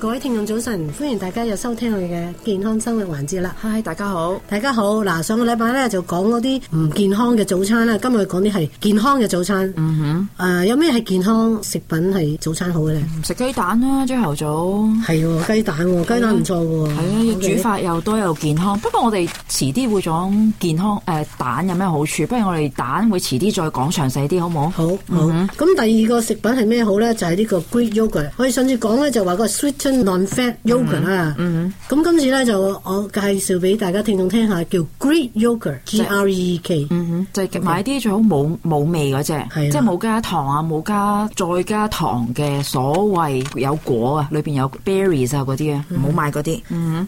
各位聽眾早晨，歡迎大家又收聽我哋嘅健康生活環節啦。Hi, 大家好，大家好。嗱，上個禮拜咧就講嗰啲唔健康嘅早餐啦，今日講啲係健康嘅早餐。嗯，早餐嗯哼，誒、啊，有咩係健康食品係早餐好嘅咧？食雞、嗯、蛋啦，朝頭早係喎雞蛋喎，雞蛋唔錯喎，係啊，煮法，又多又健康。不過我哋遲啲會講健康誒、呃、蛋有咩好處，不如我哋蛋會遲啲再講詳細啲，好唔好？好，嗯、哼好。咁第二個食品係咩好咧？就係、是、呢個 Greek yogurt。我哋上次講咧就話個 sweet。non-fat yogurt 啊，啦，咁今次咧就我介紹俾大家聽眾聽下，叫 Greek yogurt，G R E K，就買啲最好冇冇味嗰隻，即係冇加糖啊，冇加再加糖嘅所謂有果啊，裏邊有 berries 啊嗰啲啊，唔好買嗰啲。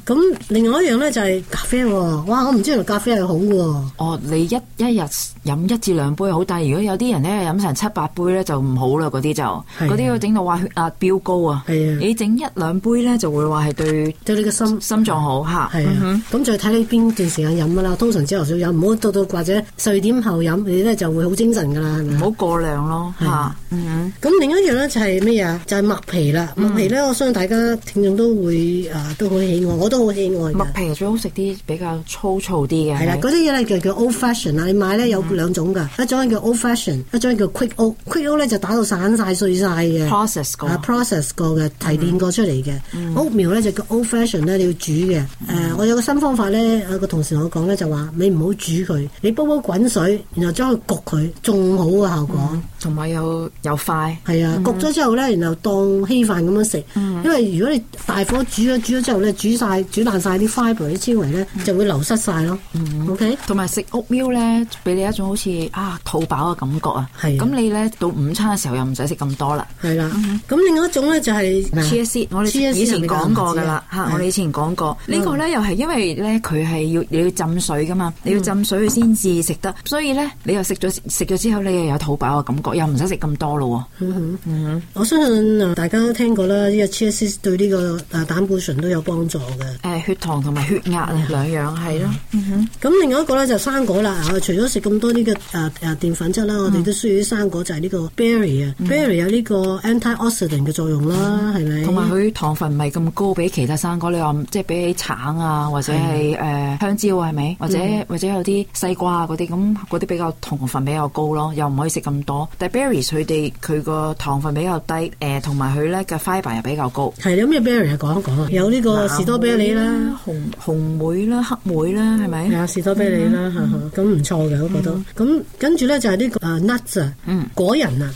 咁另外一樣咧就係咖啡，哇！我唔知原來咖啡係好嘅。哦，你一一日飲一至兩杯好，但係如果有啲人咧飲成七八杯咧就唔好啦，嗰啲就，嗰啲要整到話血壓飆高啊。係啊，你整一兩杯咧就會話係對對你嘅心心臟好嚇，係啊。咁就睇你邊段時間飲啦。通常朝頭早飲，唔好到到或者十二點後飲，你咧就會好精神噶啦。唔好過量咯，嚇。咁另一樣咧就係咩嘢？就係麥皮啦。麥皮咧，我相信大家聽眾都會啊，都好喜愛，我都好喜愛。麥皮最好食啲比較粗糙啲嘅。係啦，嗰啲嘢咧叫叫 old fashion 啊。你買咧有兩種㗎，一種係叫 old fashion，一種係叫 quick old。quick old 咧就打到散晒碎晒嘅，process 過啊，process 過嘅提煉過出嚟。嘅，屋苗咧就叫 old fashion 咧，你要煮嘅。誒，我有個新方法咧，有個同事同我講咧，就話你唔好煮佢，你煲煲滾水，然後將佢焗佢，仲好嘅效果，同埋又又快。係啊，焗咗之後咧，然後當稀飯咁樣食。因為如果你大火煮咗煮咗之後咧，煮晒，煮爛晒啲 fiber 啲纖維咧，就會流失晒咯。OK，同埋食屋苗咧，俾你一種好似啊，肚飽嘅感覺啊。係。咁你咧到午餐嘅時候又唔使食咁多啦。係啦。咁另外一種咧就係我哋以前講過㗎啦，嚇、啊！我哋以前講過呢、這個咧，又係因為咧，佢係要你要浸水㗎嘛，你要浸水佢先至食得，所以咧你又食咗食咗之後，你又有肚飽嘅感覺，又唔使食咁多咯喎、嗯。我相信大家都聽過啦，呢、這個 C S C 對呢個誒膽固醇都有幫助嘅。誒血糖同埋血壓啊，嗯、哼兩樣係咯。咁、嗯、哼另外一個咧就生果啦。啊，除咗食咁多呢個誒誒澱粉質啦，我哋都需要啲生果，就係、是、呢個 berry 啊、嗯、哼，berry 有呢個 anti-oxidant 嘅作用啦，係咪？同埋佢。糖分唔係咁高，比其他生果，你話即係比起橙啊，或者係誒香蕉啊係咪？或者或者有啲西瓜啊嗰啲，咁嗰啲比較糖分比較高咯，又唔可以食咁多。但係 berries 佢哋佢個糖分比較低，誒同埋佢咧嘅 fibre 又比較高。係啦，有咩 berries 講一講？有呢個士多啤梨啦、紅紅莓啦、黑莓啦，係咪？係啊，士多啤梨啦嚇嚇，咁唔錯嘅，我都覺得。咁跟住咧就係呢個 nuts 啊，果仁啊。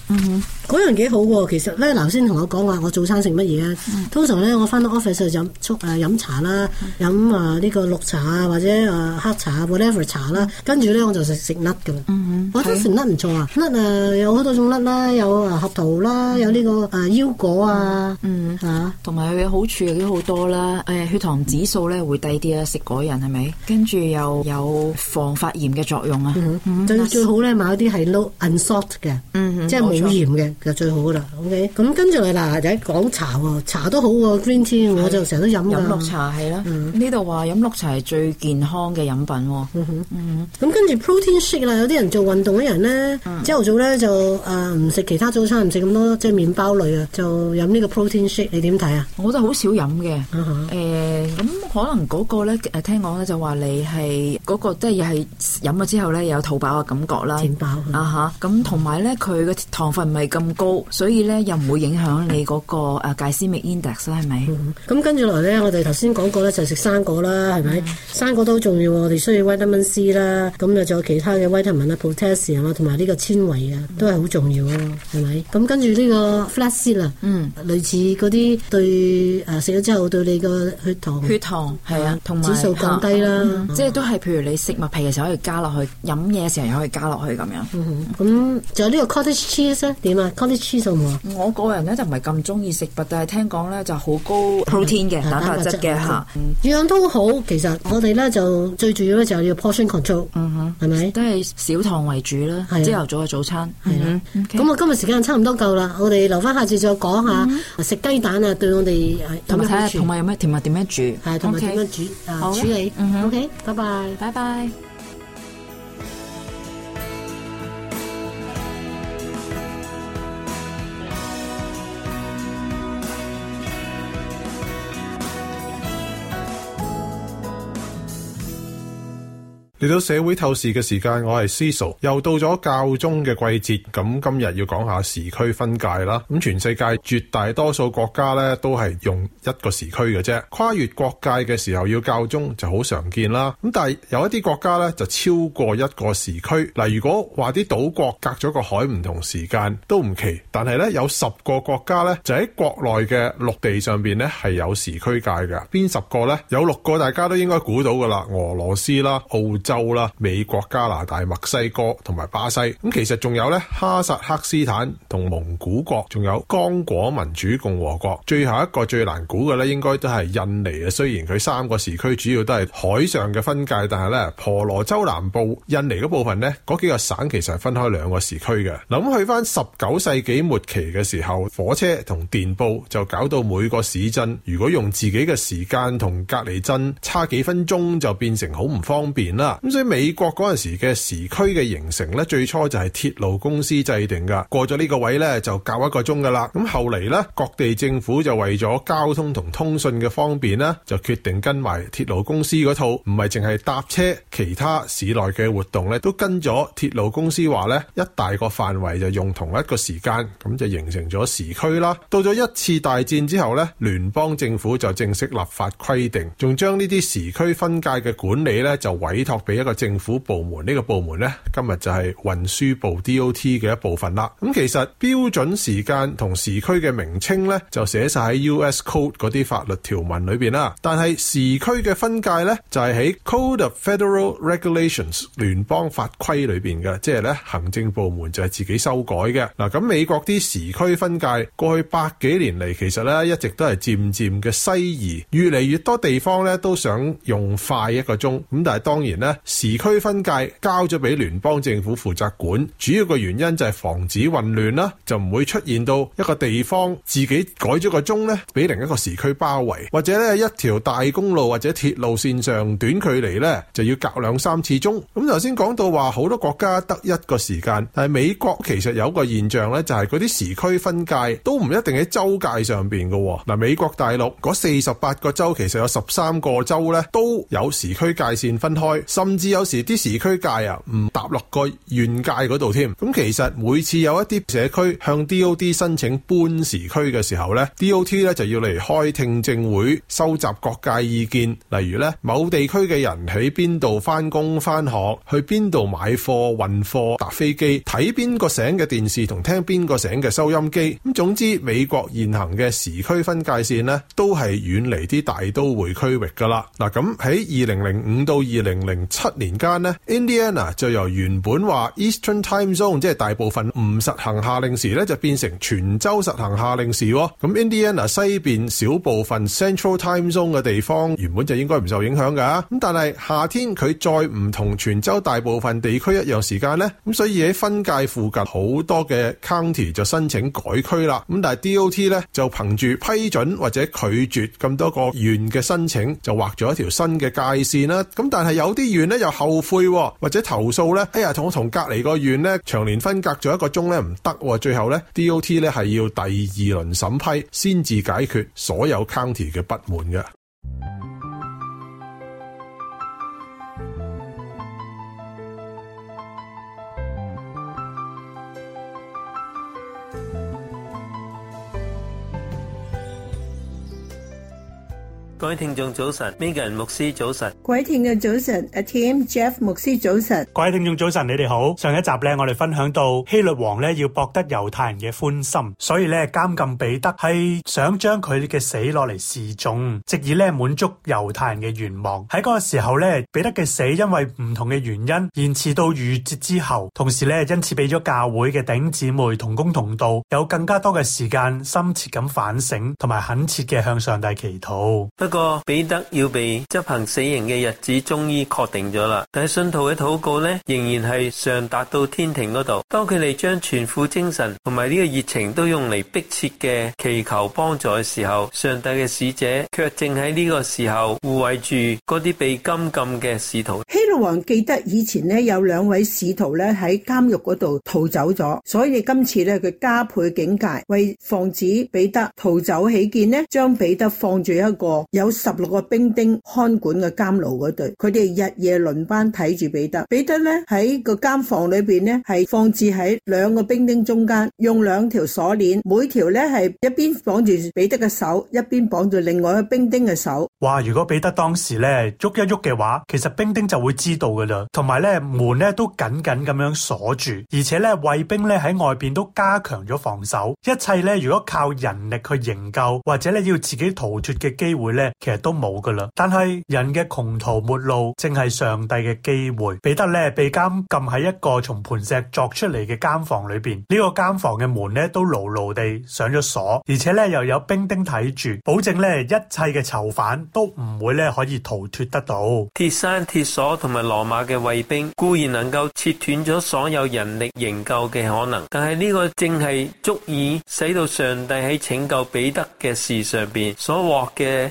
嗰樣幾好喎？其實咧，頭先同我講話，我早餐食乜嘢咧？通常咧，我翻到 office 就飲飲茶啦，飲誒呢個綠茶啊，或者誒黑茶 whatever 茶啦。跟住咧，我就食食 nut 噶啦。我覺得食 nut 唔錯啊 nut 誒有好多種 nut 啦，有誒核桃啦，有呢個誒腰果啊。嗯嚇，同埋佢嘅好處都好多啦。誒血糖指數咧會低啲啊，食果仁係咪？跟住又有防發炎嘅作用啊。最最好咧買啲係 low unsalted 嘅，即係冇鹽嘅。其實最好嘅啦，OK，咁、嗯、跟住嚟嗱，就喺講茶喎，哦，茶都好喎，哦，Green tea，是我就成日都飲嘅。飲綠茶係啦，呢度話飲綠茶係最健康嘅飲品，哦。嗯哼，咁跟住 protein shake 啦，有啲人做運動嘅人咧，朝頭、嗯、早咧就誒唔食其他早餐，唔食咁多即係麵包類 shape，啊，就飲呢個 protein shake，你點睇啊？我就好少飲嘅，誒、呃，咁可能嗰個咧誒聽講咧就話你係嗰、那個即係又係飲咗之後咧有肚飽嘅感覺啦，飽寶啊嚇，咁同埋咧佢個糖分唔係咁咁高，所以咧又唔會影響你嗰個誒，glycemic index 啦，係咪？咁跟住嚟咧，我哋頭先講過咧，就食生果啦，係咪？生果都好重要，我哋需要 vitamin C 啦，咁又仲有其他嘅 vitamin 啊 protein 啊，同埋呢個纖維啊，都係好重要咯，係咪？咁跟住呢個 flaxseed 啊，嗯，嗯，類似嗰啲對誒食咗之後對你個血糖血糖係啊，同埋有有指數降低啦，即係都係，譬如你食麥皮嘅時候可以加落去，飲嘢嘅時候又可以加落去咁樣。咁仲有呢個 cottage cheese 呢，點啊？素喎，我個人咧就唔係咁中意食物，但係聽講咧就好高 protein 嘅蛋白質嘅嚇，樣都好。其實我哋咧就最主要咧就係要 portion control，嗯哼，係咪都係少糖為主啦。朝頭早嘅早餐係啦。咁我今日時間差唔多夠啦，我哋留翻下次再講下食雞蛋啊，對我哋同埋同埋有咩？同埋點樣煮？同埋點樣煮啊？處理。嗯 O K，拜拜。拜拜。嚟到社會透視嘅時間，我係 Ciso，又到咗教鐘嘅季節，咁今日要講下時區分界啦。咁全世界絕大多數國家呢都係用一個時區嘅啫，跨越國界嘅時候要教鐘就好常見啦。咁但係有一啲國家呢，就超過一個時區。嗱，如果話啲島國隔咗個海唔同時間都唔奇，但係呢，有十個國家呢，就喺國內嘅陸地上面呢係有時區界嘅。邊十個呢？有六個大家都應該估到㗎啦，俄羅斯啦、澳洲啦，美國、加拿大、墨西哥同埋巴西，咁其實仲有咧，哈薩克斯坦同蒙古國，仲有剛果民主共和國，最後一個最難估嘅咧，應該都係印尼啊。雖然佢三個時區主要都係海上嘅分界，但係咧，婆羅洲南部印尼嗰部分呢，嗰幾個省其實係分開兩個時區嘅。嗱，咁去翻十九世紀末期嘅時候，火車同電報就搞到每個市鎮，如果用自己嘅時間同隔離鎮差幾分鐘，就變成好唔方便啦。咁所以美國嗰陣時嘅時區嘅形成咧，最初就係鐵路公司制定噶，過咗呢個位咧就隔一個鐘噶啦。咁後嚟咧，各地政府就為咗交通同通訊嘅方便咧，就決定跟埋鐵路公司嗰套，唔係淨係搭車，其他市內嘅活動咧都跟咗鐵路公司話咧，一大個範圍就用同一個時間，咁就形成咗時區啦。到咗一次大戰之後咧，聯邦政府就正式立法規定，仲將呢啲時區分界嘅管理咧就委託。俾一個政府部門呢、呢個部門呢，今日就係運輸部 DOT 嘅一部分啦。咁其實標準時間同時區嘅名稱呢，就寫晒喺 US Code 嗰啲法律條文裏面啦。但係時區嘅分界呢，就係、是、喺 Code of Federal Regulations 聯邦法規裏面嘅，即係呢行政部門就係自己修改嘅。嗱、啊，咁美國啲時區分界過去百幾年嚟，其實呢一直都係漸漸嘅西移，越嚟越多地方呢都想用快一個鐘。咁但係當然呢。時區分界交咗俾聯邦政府負責管，主要個原因就係防止混亂啦，就唔會出現到一個地方自己改咗個鐘呢，俾另一個時區包圍，或者呢一條大公路或者鐵路線上短距離呢，就要隔兩三次鐘。咁頭先講到話好多國家得一個時間，但係美國其實有個現象呢，就係嗰啲時區分界都唔一定喺州界上邊㗎。嗱，美國大陸嗰四十八個州其實有十三個州呢，都有時區界線分開。甚至有時啲時區界啊，唔搭落個縣界嗰度添。咁其實每次有一啲社區向 DOT 申請搬時區嘅時候咧，DOT 咧就要嚟開聽證會，收集各界意見。例如咧，某地區嘅人喺邊度返工返學，去邊度買貨運貨搭飛機，睇邊個省嘅電視同聽邊個省嘅收音機。咁總之，美國現行嘅時區分界線咧，都係遠離啲大都會區域噶啦。嗱，咁喺二零零五到二零零七年間呢，Indiana 就由原本話 Eastern Time Zone，即係大部分唔實行夏令時咧，就變成全州實行夏令時喎。咁 Indiana 西邊少部分 Central Time Zone 嘅地方，原本就應該唔受影響㗎。咁但係夏天佢再唔同全州大部分地區一樣時間呢。咁所以喺分界附近好多嘅 county 就申請改區啦。咁但係 DOT 咧就憑住批准或者拒絕咁多個縣嘅申請，就畫咗一條新嘅界線啦。咁但係有啲縣。咧又後悔或者投訴咧，哎呀，同我同隔離個院咧長年分隔咗一個鐘咧唔得，最後咧 DOT 咧係要第二輪審批先至解決所有 county 嘅不滿嘅。各位聽眾早晨，Megan 牧師早晨，鬼田嘅早晨，阿 Tim、Jeff 牧師早晨，各位聽眾早晨，你哋好。上一集咧，我哋分享到希律王咧要博得猶太人嘅歡心，所以咧監禁彼得，係想將佢嘅死攞嚟示眾，藉以咧滿足猶太人嘅願望。喺嗰個時候咧，彼得嘅死因為唔同嘅原因延遲到逾節之後，同時咧因此俾咗教會嘅頂姊妹同工同道有更加多嘅時間深切咁反省，同埋懇切嘅向上帝祈禱。不過。個彼得要被執行死刑嘅日子終於確定咗啦，但係信徒嘅禱告呢，仍然係上達到天庭嗰度。當佢哋將全副精神同埋呢個熱情都用嚟迫切嘅祈求幫助嘅時候，上帝嘅使者卻正喺呢個時候護衛住嗰啲被監禁嘅使徒。希律王記得以前呢，有兩位使徒咧喺監獄嗰度逃走咗，所以今次咧佢加倍警戒，為防止彼得逃走起見呢，將彼得放住一個有。有十六個兵丁看管嘅監牢嗰隊，佢哋日夜輪班睇住彼得。彼得咧喺個監房裏邊咧，係放置喺兩個兵丁中間，用兩條鎖鏈，每條咧係一邊綁住彼得嘅手，一邊綁住另外個兵丁嘅手。話如果彼得當時咧喐一喐嘅話，其實兵丁就會知道噶啦。同埋咧，門咧都緊緊咁樣鎖住，而且咧衛兵咧喺外邊都加強咗防守。一切咧如果靠人力去營救，或者咧要自己逃脫嘅機會咧。其實都冇㗎喇，但係人嘅窮途末路正係上帝嘅機會。彼得咧被監禁喺一個從磐石作出嚟嘅監房裏邊，這個、監房的門呢個監房嘅門咧都牢牢地上咗鎖，而且咧又有兵丁睇住，保證咧一切嘅囚犯都唔會咧可以逃脫得到。鐵閘鐵鎖同埋羅馬嘅衛兵固然能夠切斷咗所有人力營救嘅可能，但係呢個正係足以使到上帝喺拯救彼得嘅事上邊所獲嘅。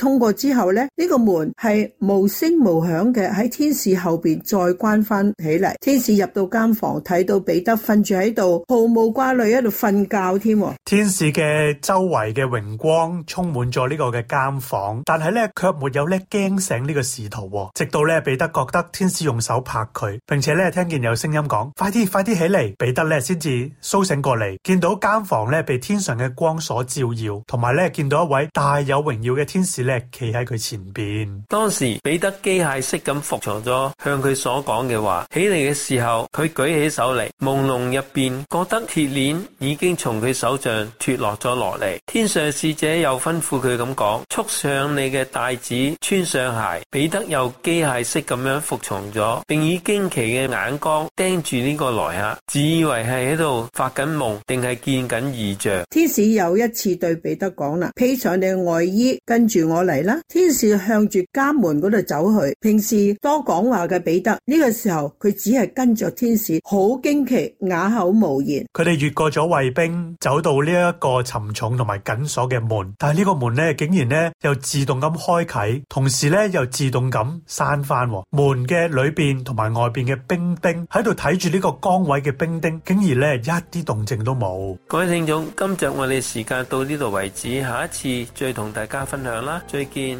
通過之後咧，呢、這個門係無聲無響嘅，喺天使後邊再關翻起嚟。天使入到間房，睇到彼得瞓住喺度，毫無掛慮，喺度瞓覺添。天使嘅周圍嘅榮光充滿咗呢個嘅間房，但係咧卻沒有咧驚醒呢個使徒、哦，直到咧彼得覺得天使用手拍佢，並且咧聽見有聲音講：快啲，快啲起嚟！彼得咧先至甦醒過嚟，見到間房咧被天上嘅光所照耀，同埋咧見到一位大有榮耀嘅天使咧。企喺佢前邊，當時彼得機械式咁服從咗向佢所講嘅話。起嚟嘅時候，佢舉起手嚟，朦朧入邊覺得鐵鏈已經從佢手上脫落咗落嚟。天上使者又吩咐佢咁講：束上你嘅帶子，穿上鞋。彼得又機械式咁樣服從咗，並以驚奇嘅眼光盯住呢個來客，自以為係喺度發緊夢，定係見緊異象。天使又一次對彼得講啦：披上你嘅外衣，跟住我。嚟啦！天使向住家門嗰度走去。平時多講話嘅彼得呢個時候，佢只係跟着天使，好驚奇，啞口無言。佢哋越過咗衛兵，走到呢一個沉重同埋緊鎖嘅門。但係呢個門咧，竟然咧又自動咁開啟，同時咧又自動咁閂翻。門嘅裏邊同埋外邊嘅兵丁，喺度睇住呢個崗位嘅兵丁，竟然咧一啲動靜都冇。各位聽眾，今集我哋時間到呢度為止，下一次再同大家分享啦。再見。